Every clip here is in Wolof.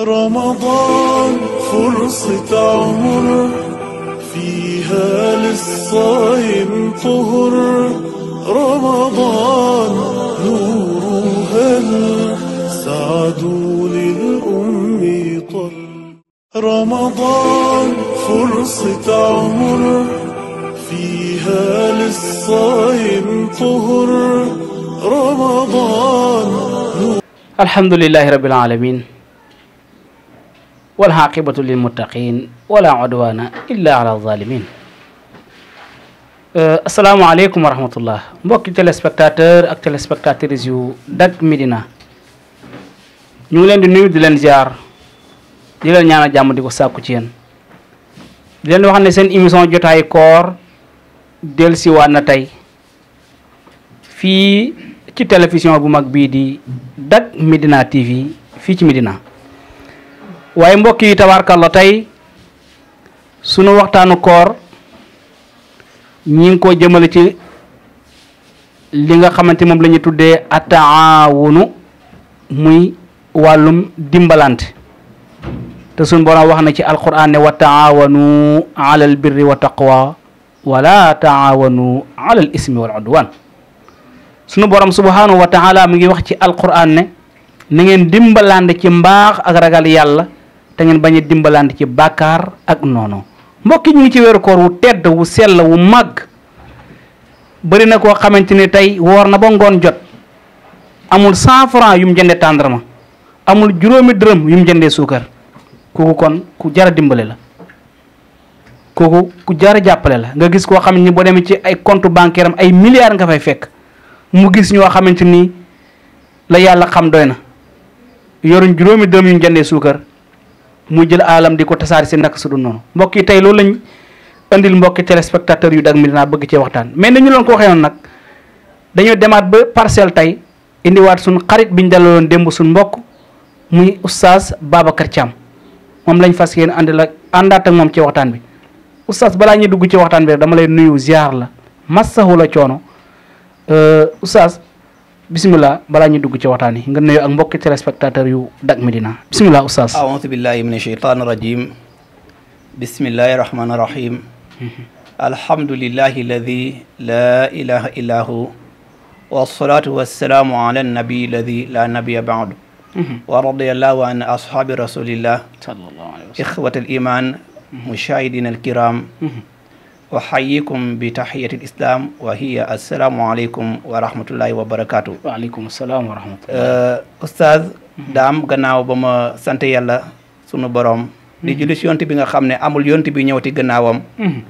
رمضان فرصة عمر فيها للصائم طهر رمضان نور هل سعد للأم طر رمضان فرصة عمر فيها للصائم طهر رمضان الحمد لله رب العالمين والعاقبة للمتقين ولا عدوان إلا على assalamu alaykum wa rahmatullah mbok téléspectateur ak téléspectatrices yu Dak medina ñu ngi leen di nuyu di leen ziar di leen ñaanal jamm di ko sàkku ci yeen di leen wax ne seen émission jotay koor del siwaat na tay fi ci télévision bu mag bi di Dak medina TV fi ci Médina waaye mbokk yi tabaarkalla tey sunu waxtaanu koor ñi ngi ko jëmale ci li nga xamante moom la ñuy tuddee ataawunu muy wàllum dimbalante te sunu borom wax na ci alquran ne wa taawanu alal birri wa taqwa wala taawanu alal ismi wal udwan sunu borom subhanahu wa taala mu ngi wax ci alquran ne na ngeen dimbalante ci mbaax ak ragal yàlla te ngeen bañ a dimbalante ci bàkkaar ak noonu mbokki ñu ngi ci weeru koor wu tedd wu sell wu mag bari na koo xamante ni tey woor na ba ngoon jot amul 100 francs yu mu jëndee amul juróomi dërëm yu mu jëndee suukar kooku kon ku jara dimbale la kooku ku jara jàppale la nga gis koo xam ni boo demee ci ay compte bancaire am ay milliards nga fay fekk mu gis ñoo xamante la yàlla xam doy yoruñ juróomi dërëm yu mu jëndee mu jël alam di ko tasaari si naka su dul noonu mbokk yi tey loolu lañu indil mbokki téléspectateurs yu Dak Médina bëgg cee waxtaan mais ni ñu loon ko waxee nag dañoo demaat ba parcelle tey indiwaat suñ xarit bi biñ dalaloon démb suñ mbokk muy oustaz Babacar Thiam moom lañ fas yéen àndil ak àndaat ak moom ci waxtaan bi oustaz balaa ñuy dugg ci waxtaan bi rek dama lay nuyu ziar la massahu la coono euh, oustaz bisimilah balaa ñu dugg ci waxtaan yi nga nuyu ak mbokki téléspectateur yu Dak Médina bisimilah oustaz aoudu billahi min asheytaan rajim bismillahi rahmaani rahim mhm. alhamdulillahi alladi la ilaha illa hu wasalaatu wasalaamu ala annabi alladi la nabiya baadu mhm. wa radiallahu an ashaabi rasulillah ixwat mhm. al iman mushahidina alkiram waxayikum bi taxiyatil islam wa hiya asalaamualeykum wa rahmatullahi wa barakaatu. waaleykum salaam wa rahmatulah. Oustaz. ba ma sant yalla sunu borom. di mm-hmm. julli si yonti bi nga xam ne amul yonti bi ñëwati gannaawam. Mm-hmm.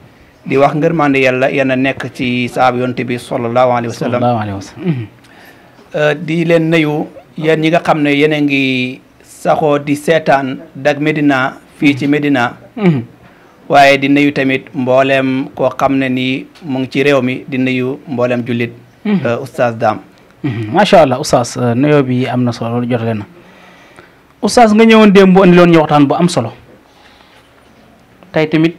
di wax ngërmande yàlla yéen a nekk ci saab yonti bi sallallahu alayhi wa mm-hmm. euh, di leen nuyu yéen yi nga xam ne yéen ngi saxoo di setaan Dak Médina fii ci Médina. waaye di nuyu tamit mbooleem koo xam ne nii mu ngi ci réew mi di nuyu mbooleem jullit mhm. euh, oustaz Dame mhm. macha allah oustaz euh, nuyoo bi am na solo loolu jotale na oustaz nga ñëwoon démb bu indiloon ñu waxtaan bu am solo tey tamit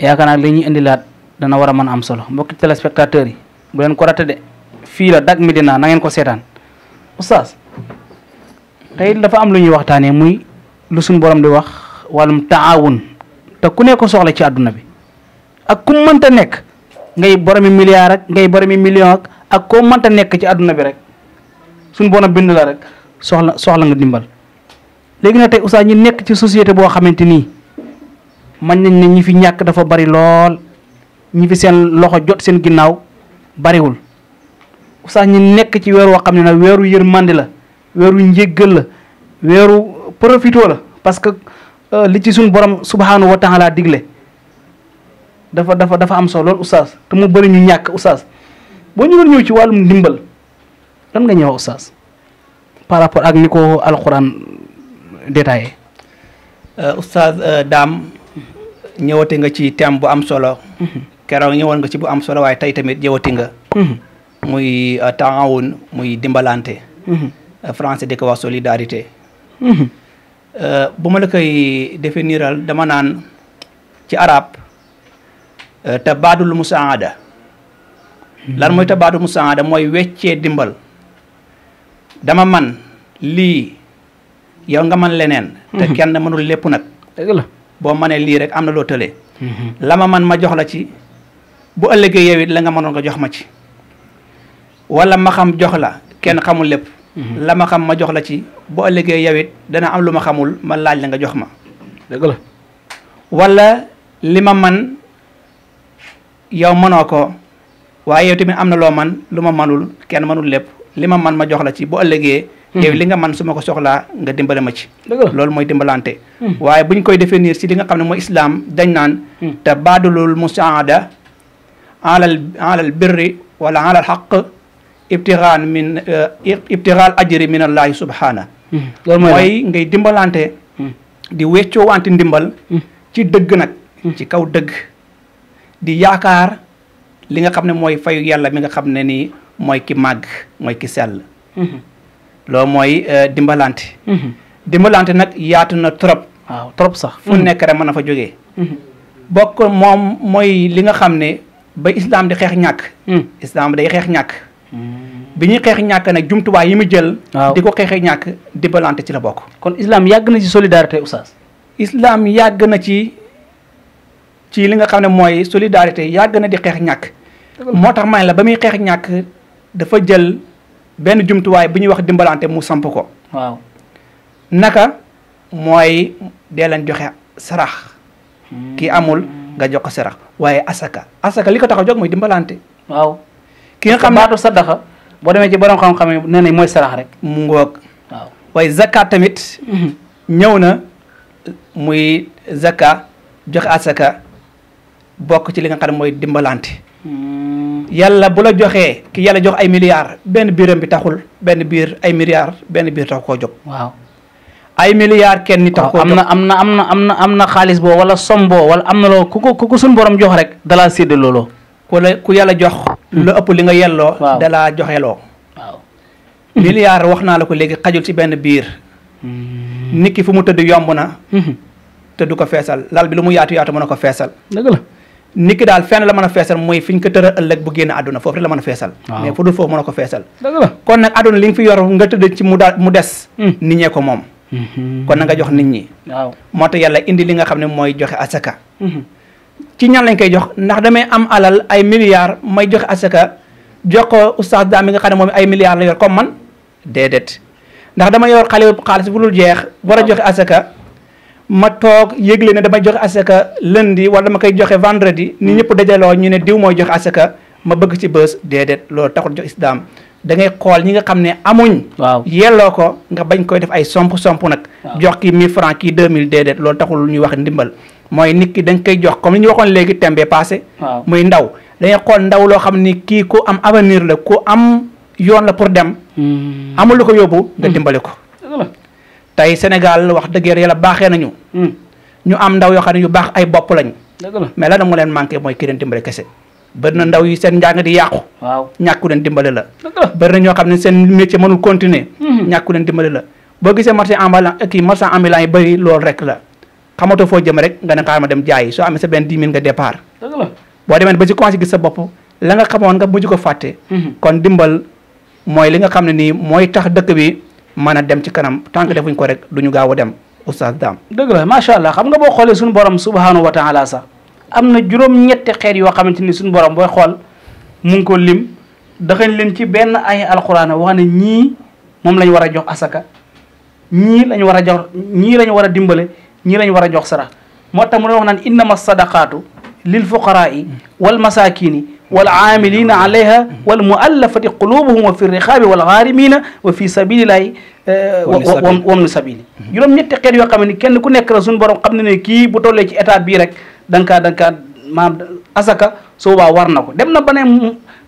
yaakaar naa li ñuy indilaat dana war a mën a am solo mbokki téléspectateurs yi bu leen ko raté de fii la Dak Médina na ngeen ko seetaan oustaz tey dafa am lu ñuy waxtaanee muy lu suñ borom wax wàllum taawun te ku nekk soxla ci aduna bi ak ku mënta nekk ngay borom milliard ak ngay borom million ak ak ko mënta nekk ci aduna bi rek suñ bona bind la rek soxla soxla nga dimbal legui na tay oustad ñi nekk ci société bo xamanteni man nañ ne ñi fi ñak dafa bari lool ñi fi seen loxo jot seen bari wul oustad ñi nekk ci weer woo xam ne nag weeru la weeru njéggel la profito la parce que Euh, li ci suñu borom subhaanahu wa taala digle dafa dafa dafa am solo loolu oustaz te bëri ñu ñàkk oustaz boo ñu doon ñëw ci wàllum ndimbal lan nga ñëw oustaz par rapport ak ni ko alxuraan détaillé. Euh, oustaz euh, daam ñëwati nga ci thème bu am solo. Mhm. keroog ñëwoon nga ci bu am solo waaye tey tamit ñëwati nga. Mhm. muy taawun dimbalante. Mhm. français di ko wax Euh, bu ma la koy defee niiral dama naan ci araab te arab mu euh, musaada lan mooy mu musaada mooy weccee dimbal dama man lii yow nga man leneen te mhm. kenn mënul lépp nag dëgg la boo manee lii rek am na loo tëlee mhm. la man ma jox la ci bu ëllëgee yow la nga mënoon nga jox ma ci walla ma xam jox la kenn xamul lépp Mhm. la ma xam ma jox la ci boo ëllëgee yow it dana am lu ma xamul ma laaj la nga jox ma. dëgg la. wala li ma man yow mënoo ko waaye yow tamit am na loo man lu ma manul kenn mënul lépp li ma man ma jox la ci bu ëllëgee. Mhm. yow li nga man suma ko soxlaa nga dimbale ma ci. loolu mooy dimbalante. Mhm. waaye bu ñu koy définir si li nga xam ne mooy islam dañ naan. te baadulul musaada alal alal birri wala alal xaq. ibtiraan min eh, ibtiraal ajri min allaahi subhaana hmm. loolu mooy ngay dimbalante hmm. di weccoo wante ndimbal hmm. ci dëgg nag ci kaw dëgg di yaakaar li nga xam ne mooy fayu yàlla mi nga xam ne ni mooy ki màgg mooy ki sell loolu mooy eh, dimbalante dimbalante nag yaatu na trop waaw trop sax fu nekk rek mën na fa jógee bokk moom mooy li nga xam ne ba islaam di xeex ñàkk bi ñuy xeex ñàkk nag jumtuwaay yi mu jël. di ko xeexee ñàkk di ci la bokk. kon islam yàgg na ci solidarité oustaz. islaam yàgg na ci ci li nga xam ne mooy solidarité yàgg na di xeex ñàkk. moo tax man la ba muy xeex ñàkk dafa jël benn jumtuwaay bi ñuy wax dimbalante mu samp ko. waaw naka mooy dee leen joxe sarax. Hmm. kii amul nga jox ko sarax waaye asaka asaka li ko tax a jóg mooy dimbalante. waaw ki nga xam ne baatu sadaxa boo demee ci borom xam-xam yi nee mooy sarax rek. mu ngoog waaw waaye zakkaat tamit. Mhm. ñëw na muy zakka joxe asaka bokk ci li nga xam ne mooy dimbalanti mhm. yàlla bu la joxee ki yàlla jox ay milliards benn biiram bi taxul benn biir ay milliards benn biir tax koo jóg. waaw ay milliards kenn ni tax koo jóg am na am na am na am na am na xaalis boo wala sombo wala am na loo ku ko ku ko suñu borom jox rek. dalaa sédd looloo ku la jox. la ëpp li nga yelloo dalaa joxeloo waaw milliard wax naa la ko léegi xajul ci benn biir hmm. nit ki fu mu tëdd yomb na hmm. te du ko feesal lal bi lu mu yaatu yaatu mën a ko feesal dëgg daal fenn la mën a feesal mooy fi ko tëral ëllëg bu génn àdduna foofu la mën a feesal mais fu dul foofu mën a ko feesal dëgg la kon nag àdduna li nga fi yor nga tëdd ci mu daal mu des hmm. nit ñee ko moom kon na nga jox nit ñi waaw moo tax yàlla indi li nga xam ne mooy joxe asaka ci ñan lañ koy jox ndax damay am alal ay milliards may joxe asaka jox ko oustaz daa mi nga xam ne moom ay milliards la yor comme man déedéet ndax dama yor xale xaalis bu dul jeex war a joxe asaka ma toog yëgle ne dama joxe asaka lundi wala dama koy joxe vendredi ni ñëpp dajaloo ñu ne diw mooy joxe asaka ma bëgg ci bës déedéet loolu taxul jox islam da ngay xool ñi nga xam ne amuñ. waaw yelloo ko nga bañ koy def ay somp somp nag. jox kii 1000 francs kii 2000 déedéet loolu taxul ñuy wax ndimbal. mooy nit ki dañ koy jox comme li ñu waxoon léegi tembe passé. muy ndaw dañuy xool ndaw loo xam ni kii ku am avenir la ku am yoon la pour dem. Hmm. amul lu ko yóbbu nga hmm. dimbale ko. tey Sénégal wax dëgg la baaxee nañu. Hmm. ñu am ndaw yoo xam ne yu baax ay bopp lañ. mais la na mu leen manqué mooy ki leen dimbale kese. bëri na ndaw yi seen njàng di yàqu. ñàkku leen dimbale la. bëri na ñoo xam ne seen métier mënul continuer. Hmm. ñàkku leen dimbale la boo gisee marché ambulant kii marchand ambulant yi bëri loolu rek la xamatoo foo jëm rek nga ne xaaral ma dem jaayi soo amee sa benn dix mille nga départ. boo demee ba ci commencé gis sa bopp la nga xamoon nga mujj ko fàtte. Hmm. kon dimbal mooy li nga xam ne nii mooy tax dëkk bi mën a dem ci kanam tant que hmm. defuñ ko rek du ñu gaaw a dem oustaz Dame. dëgg la macha allah xam nga boo xoolee suñu borom am na juróom-ñetti xeet yoo xamante ni suñu borom booy xool mu ko lim daxañ leen ci benn ay alxuraan wax ne ñii moom lañ war a jox asaka ñii lañ war a jox ñii lañ war dimbale ñii lañ war a jox sarax moo tax mu doon wax naan innama sadaqaatu lil fuqaraai wal masakini wal aamilina alayha wal muallafati qulubuhum wa fi rixaabi wal xaarimina wa fi sabilillahi eh, wamnu sabili juróom ñette xeet yoo xam ne kenn ku nekk la suñu borom xam ne ne kii bu tollee ci état bii rek da nga kaa asaka soo baa war na ko dem na ba ne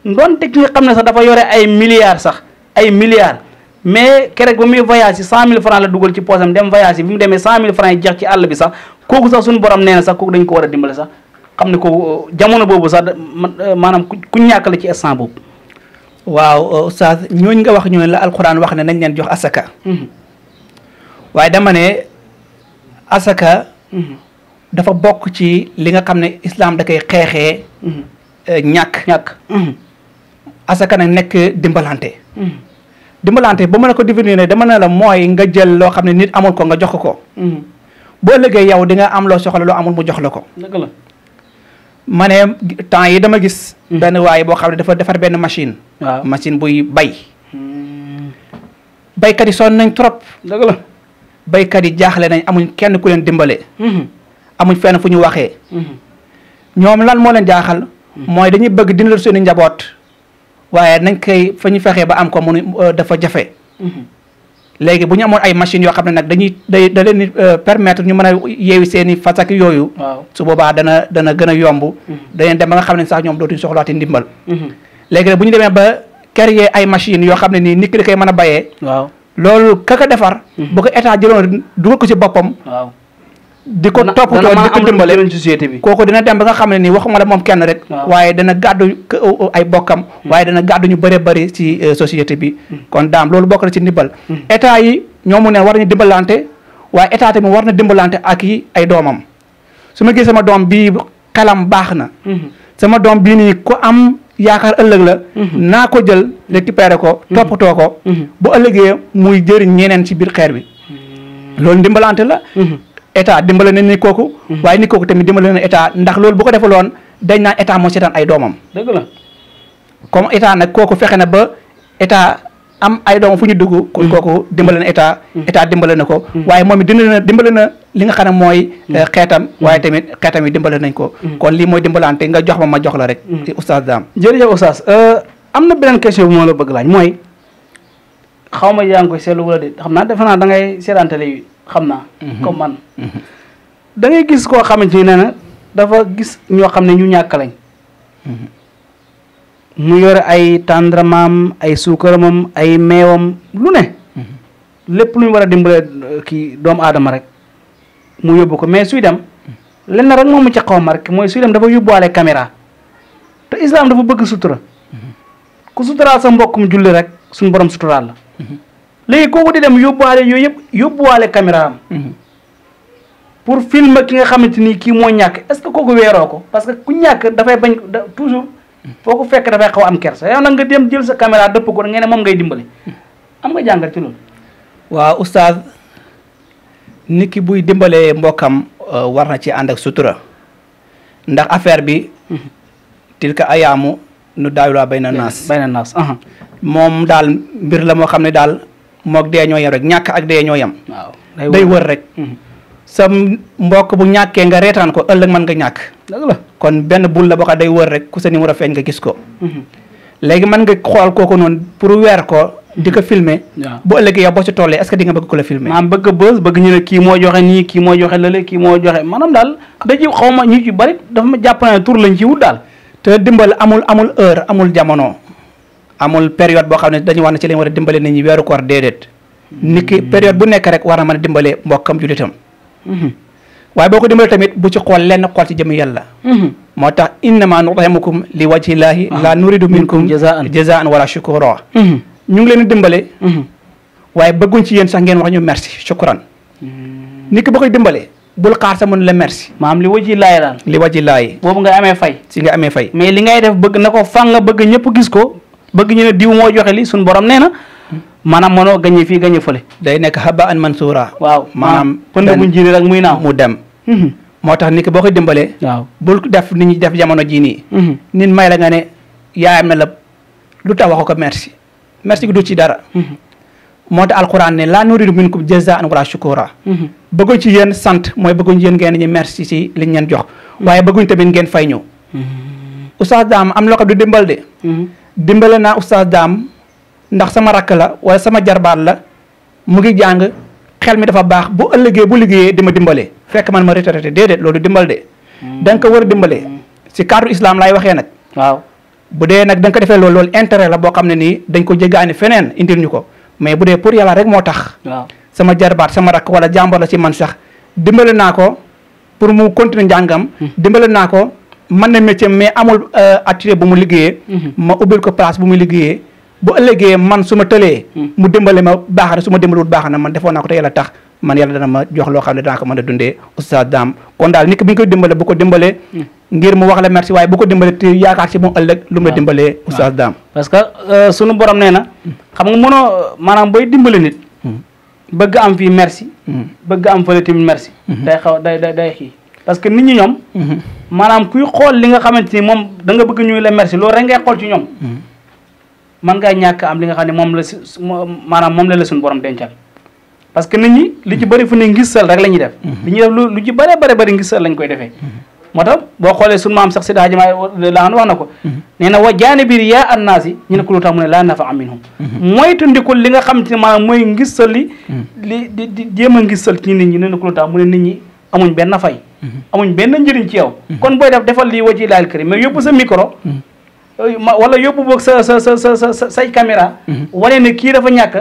donte ki nga xam ne sax dafa yore ay milliards sax ay milliards mais keroog ba muy voyage yi cent mille francs la dugal ci poosam dem voyage yi bi mu demee cent mille francs yi jeex ci sax kooku sax suñu borom nee na sax kooku dañ ko war a dimbale sax xam ne ko euh, jamono boobu sax euh, maanaam ku ñàkk la ci instant boobu waaw euh, nga wax ñooñu la alquran wax ne nañ leen jox asaka mhm. waaye dama ne asaka mhm. dafa bokk ci li nga xam ne islam da koy xeexee. Mm-hmm. Eh, ñàkk ñàkk. Mm-hmm. asaka nag nekk dimbalante. Mm-hmm. dimbalante ba mu ne ko divenir ne dama na la mooy nga jël loo xam ne nit amul ko nga jox ko. boo liggéey yow di nga am loo soxla loo amul mu jox la ko. dëgg la ma ne temps yi dama gis. benn waaye boo xam ne dafa defar benn machine. machine buy bay. baykat yi son nañ trop. dëgg la baykat yi jaaxle nañ amuñ kenn ku leen dimbale. amuñ fen fu ñu waxee. ñoom lan moo leen jaaxal. mooy dañuy bëgg dina seeni njaboot waaye nañ koy fa ñu fexee ba am ko mu mënu euh, dafa jafe. léegi bu ñu amoon ay machines yoo xam ne nag dañuy day da leen euh, permettre ñu mën a yeewi seen i yooyu. su boobaa dana dana gën a yomb. Uhuh. dañuy dem ba nga xam ne sax ñoom dootu dootuñu soxlaati ndimbal. Uhuh. léegi nag bu ñu demee ba créer ay machines yoo xam ne nii nit da koy mën a bayee. waaw loolu ka ko defar. Uhuh. bu ko état jëloon dugal ko ci boppam. di ko toppatoo di ko dimbale bi kooku dina dem ba nga xam ne nii waxuma la moom kenn rek waaye dana gàddu ay bokkam hmm. waaye dana gàddu ñu bëri bëri ci euh, société bi hmm. kon daam loolu bokk ci ndimbal hmm. état yi ñoomu ne war nañu dimbalante waaye état tamit war na dimbalante ak yi ay doomam su ma gis sama doom bii xelam baax na sama doom bii nii ku am yaakaar ëllëg la naa ko jël récupéré ko toppatoo ko bu ëllëgee muy jëriñ ñeneen ci biir xeer bi loolu dimbalante la état dimbale na ni kooku mhm. waaye ni kooku tamit dimbale na état ndax loolu bu ko defaloon dañ naan état moo seetaan ay doomam comme état nag kooku fexe na ba état am ay doomam fu ñu dugg kon mhm. kooku dimbale na état mhm. dimbale na ko waaye moom it dimbale na dimbale na li nga xam ne mooy eh, xeetam waaye tamit xeetam yi dimbale nañ ko kon lii mooy dimbalante nga jox ma ma jox la rek ci oustaz Dame jërëjëf oustaz euh, am na beneen question bu moo la bëgg laaj mooy xaw ma yaa ngi koy seetlu wala naa defe naa da ngay seetaantale xam naa. Mhm. comme mhm. gis koo xamante ne na dafa gis ñoo xam ne ñu ñàkk lañ. Mhm. mu yore ay tàndaramaam ay suukaramam ay meewam lu ne. lépp lu ñu war a dimbale euh, kii doomu aadama rek mu yóbbu ko mais suy dem lenn rek moom mu ca xaw ma rek mooy suy dem dafa yóbbuwaale caméra te islam dafa bëgg sutura ku suturaal sa mbokkum julli rek suñu borom suturaal léegi kooku di dem yóbbuwaale yooyu yëpp yóbbuwaale caméra am. Mhm. pour film ki nga xamante ni kii moo ñàkk est-ce que kooku weeroo ko parce que ku ñàkk dafay bañ toujours foo ko fekk dafay xaw am kersa yow nag nga dem jël sa caméra dëpp ko nga ne moom ngay dimbali nga jàngat ci nit ki buy dimbalee mbokkam euh, war na ci ànd ak sutura ndax affaire bi. tilka ayaamu nu daawilaa bay na naas. bay na moom daal mbir moo xam ne daal. moog dee ñoo yem rek ñàkk ak dee ñoo yam waaw day wër rek. Mm-hmm. sa mbokk bu ñàkkee nga reetaan ko ëllëg mën nga ñàkk. la kon benn bul la boo xam day wër rek ku sa numéro feeñ nga gis ko. Mm-hmm. léegi mën nga xool kooku noonu pour weer ko. Mm-hmm. di ko boo waaw bu ëllëgee boo ci tollee est-ce que di nga bëgg ko la filmer. maanaam bëgg bës bëgg ñu ne kii moo joxe nii kii moo joxe la lële kii moo joxe maanaam daal da ci xaw ma ñu ci bari dafa ma jàpp ne tur lañ ci daal. te dimbal amul amul heure amul jamono. amul période boo xam ne dañu wax ne ci lañ war a dimbale nit ñi weeru koor déedéet nit ki période bu nekk rek war na mën a dimbale mbokkam julitam mhm. waaye boo ko dimbalee tamit bu ci xool lenn xool ci jëm yàlla mhm. moo tax innama nut'imukum li wajhillaahi ah. la nuridu minkum jazaan wala shukura a mhm. ngi leen dimbale waaye bëgguñ ci yéen sax ngeen wax ñu merci shukran nit ki koy dimbale bul xaar sa la merci maam li waji laay daal li waji laay boobu nga amee fay si nga amee fay mais li ngay def na ko fan bëgg ñëpp gis ko bëgg ñu ne diw moo joxe li suñu borom nee na maanaam mënoo gañe fii gañe fële. day nekk xaba an mansuura. waaw pënd bu njiiri rek muy naaw mu dem. Mhm. moo tax nit ki boo koy dimbalee. waaw bul def ni ñuy def jamono jii nii. Mhm. nit may la nga ne yaayam na la lu tax waxu ko merci merci gi du ci dara. Mhm. moo ta tax alquran ne laa nuridu minkum jazaan wala shukura. bëgguñ ci yéen sant mooy bëgguñ yéen ngeen ñu merci si liñ leen jox. waaye bëgguñ tamit ngeen fay ñëw. oustaz daam am loo dimbale naa oustaz daam ndax sama rakk la wala sama jarbaat la mu ngi jàng xel mi dafa baax bu ëllëgee bu liggéeyee di ma dimbale fekk man ma retraité déedéet loolu dimbal de. Hmm. da ko war a dimbale. si cadre islam laay waxee nag. waaw bu dee nag da ko defee loolu loolu intérêt la boo xam ne nii dañ ko jéggaani feneen indil ñu ko mais bu dee pour yàlla rek moo tax. waaw sama jarbaat sama rakk wala jàmbar la si man sax dimbale naa ko pour mu continuer njàngam. Hmm. dimbale naa ko. man na métier mais amul euh, atelier bu mu liggéeyee. Mhm. ma ubbil ko place bu mu liggéeyee. bu ëllëgee man su ma tëlee. Mhm. mu dimbale ma baax na su ma dimbalewut baax na man defoon naa ko te yàlla tax man yàlla dana ma jox loo xam ne danaa ko mën a dundee oustaz daam kon daal nit ki bi ñu koy dimbale bu ko dimbalee. Mhm. ngir mu wax la merci waaye bu ko dimbalee te yaakaar si moom ëllëg. lu mu la dimbalee oustaz daam. parce que euh, sunu borom nee na. xam nga mënoo maanaam booy dimbale nit. bëgg am fii merci. bëgg am fële tamit day xaw day day day kii. parce que nit ñi ñoom. Mhm. maanaam kuy xool li nga xamante ni moom da nga bëgg ñuy la merci loolu rek ngay xool ci ñoom. man mhm. ngaa ñàkk am li nga xam ne moom la si maanaam moom la la suñu borom dencal. parce que nit ñi li ci bëri fu ne ngisal rek la ñuy def. Mhm. li ñuy def lu lu ci bëree bëri bëri ngisal lañ koy defee. moo tax boo xoolee suñu maam sax si daa jëmaay laa wax na ko. nee na wa jaane biir yaa annaasi ñu ne ko lu tax mu ne laa nafa aminhum. moytandikul li nga xam ne maanaam mooy ngisal li. li di di jéem a ngisal ci nit ñi ne ko lu tax mu ne nit ñi amuñ benn fay. amuñ benn njëriñ ci yow. Mm-hmm. kon booy def defal lii wa ci laal kër mais yóbbu sa micro. Mm-hmm. wala yóbbu boog sa sa sa sa sa say caméra. Mm-hmm. wane na kii dafa ñàkk.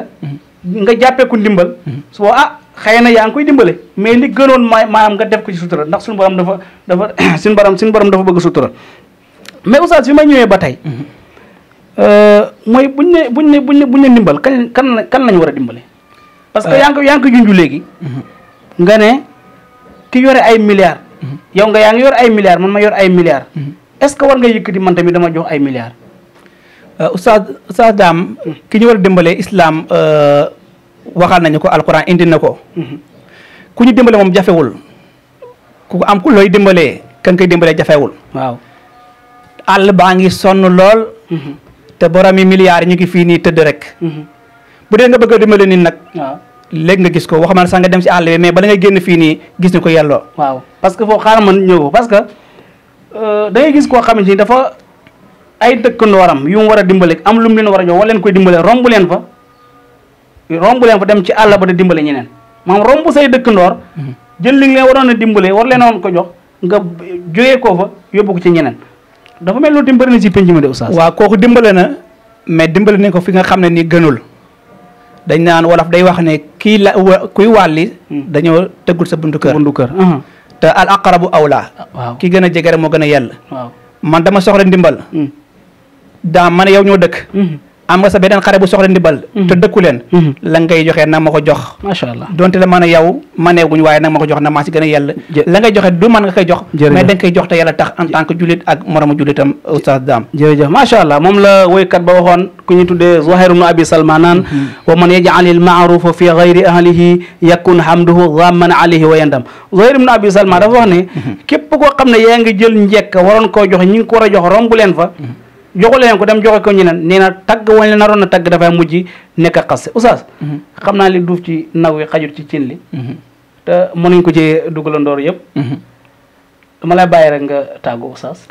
nga jàppeeku ku ndimbal. su ah xëy na yaa ngi koy dimbale mais li gënoon maa maam nga def ko ci sutura ndax suñ borom dafa dafa suñu suñu borom dafa bëgg sutura. mais oustaz fi ma ñëwee ba tey. Euh, mooy buñ ne buñ ne buñ ne buñ ne ndimbal kan kan kan lañ war a dimbale. parce que euh. yaa ngi ko yaa léegi. nga ne. ki yoré ay milliard mhm. yow nga yang yor ay milliard man ma yor ay milliard mhm. est-ce que war nga yëkëti man tamit dama jox ay milliard oustad euh, oustad dam mhm. ki ñu war dembalé islam islam euh, waxal nañu ko alquran indi nako ku ñu dimbale moom jafewul ku am ku looy dimbalee kan koy dimbalee jafewul. waaw all baa ngi sonn lool. te borom yi milliards ñu ngi fi ni teud rek. bu de nga bëgg dembalé nak leg nga gis ko waxuma sa nga dem ci àll bi mais bala nga genn fi ni gis ni ko yelloo waaw parce que fo xaar man ñëw parce que euh, da ngay gis ko xamni ni dafa ay dëkkandooram yu mu wara a am lu mu leen wara a jox leen koy dimbalé rombu leen fa rombu leen fa dem ci àll ba da dimbalé ñeneen maam rombu say dëkkandoor mhm. jël li nga leen dimbalé war leen won ko jox nga joyé ko fa yobbu ko ci ñeneen dafa mel lu dimbalé ci penc de oustaz waaw koku dimbalé na mais dimbalé ni ko fi nga xam ni gënul dañ nan wolof day wax ne kii la kuy wàlli hmm. dañoo tëggul sa buntu kër buntu kër uh-huh. te al aqrabu awla waaw ki gën a jege moo gën a yell man dama soxla ndimbal hmm. daa man yow ñoo dëkk hmm. am nga sa beneen xare bu soxla ndimbal mhm. te dëkku leen mhm. la joxe nag ma ko jox macha allah donte la mën a yow maneeguñ waaye nag ma ko jox na maa si gën a yell la ngay joxe du man nga koy jox mais da nga koy jox te yàlla tax en tant que julit ak moromu julitam oustaz Dame jërëjëf macha allah moom la woykat ba waxoon ku ñu tuddee Zuhair ibn Abi Salman naan mhm. wa man yaj'alil ma'rufa fi ghayri ahlihi yakun hamduhu ghamman alayhi wa yandam Zuhair ibn Abi Salman dafa wax ne képp xam ne yaa a jox joxu leen ko dem joxe ko ñeneen nee na tagg wañ la naroon na tagg dafay mujj nekk a xaste oustaz mhm. xam naa li duuf ci naw wi xajut ci cin li mhm. te mënuñ ko ci dugalandoor yëpp mhm. dama lay bàyyi rek nga tàggu oustaz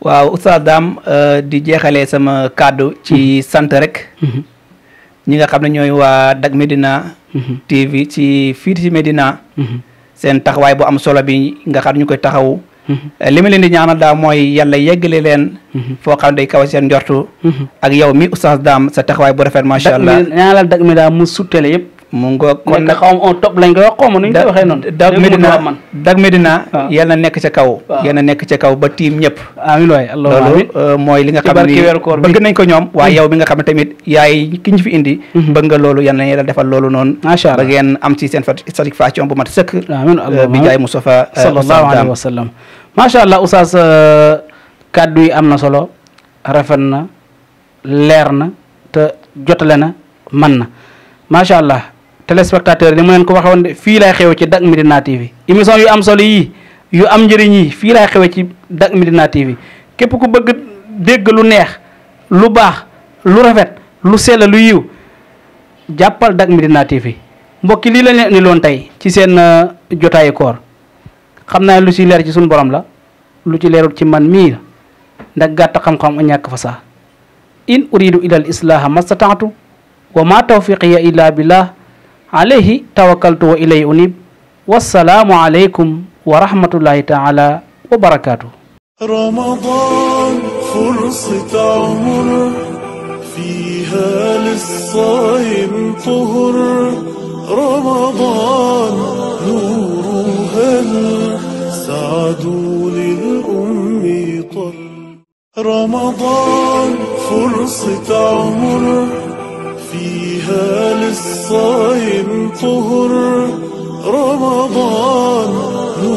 waaw oustaz daam euh, di jeexale sama kàddu ci sant rek ñi nga xam ne ñooy waa Dak Médina TV ci fii ci medina seen taxawaay bu am solo bi nga xam ne ñu koy taxawu Eh, li ma leen di ñaanal daal mooy yàlla yeggale leen mhm. foo xam ne day kaw seen njortu mhm. ak yow mi oustaz daam sa taxawaay bu rafet macha allah ñaanal dag mi daal mu suttale yëpp mu ngoog kon nag xaw ma on top lañ koy wax xaw ma nu ñu koy waxee noonu. dag Medina ah. yal na nekk ca kaw. Ah. yal nekk ca kaw ba tiim ñëpp. Ah, amiin waay allahumma amiin euh, mooy li nga xam ni bëgg nañ ko ñoom. waaye mm. yow bi nga xam ne tamit yaay ki ñu fi indi. Mm-hmm. bëgg nga loolu yal na yàlla defal loolu noonu. macha allah ba ngeen am ci seen satisfaction bu mat sëkk. amiin allahumma euh, bi jaay Mustafa euh, sallallahu alayhi wa sallam. macha allah yi am na solo rafet na leer na te jotale na mën na téléspectateur dama len ko waxawon de fi lay xew ci Dak medina TV émission yu am solo yi yu am njëriñ yi fi lay xew ci Dak medina TV képp ku bëgg dégg lu neex lu baax lu rafet lu sel lu yiw jappal Dak medina TV mbokk li lañ ni lon tay ci sen euh, jotaayu koor xamna lu ci leer ci sun borom la lu ci leerul ci man mi ndak gatt xam-xam ñak fa sa in uridu ila al islah mastata'tu wa ma tawfiqi illa billah عليه توكلت وإلي أنيب والسلام عليكم ورحمة الله تعالى وبركاته رمضان فرصة عمر فيها للصائم طهر رمضان نور هل سعد للأم طر رمضان فرصة عمر فيها للصائم طهر رمضان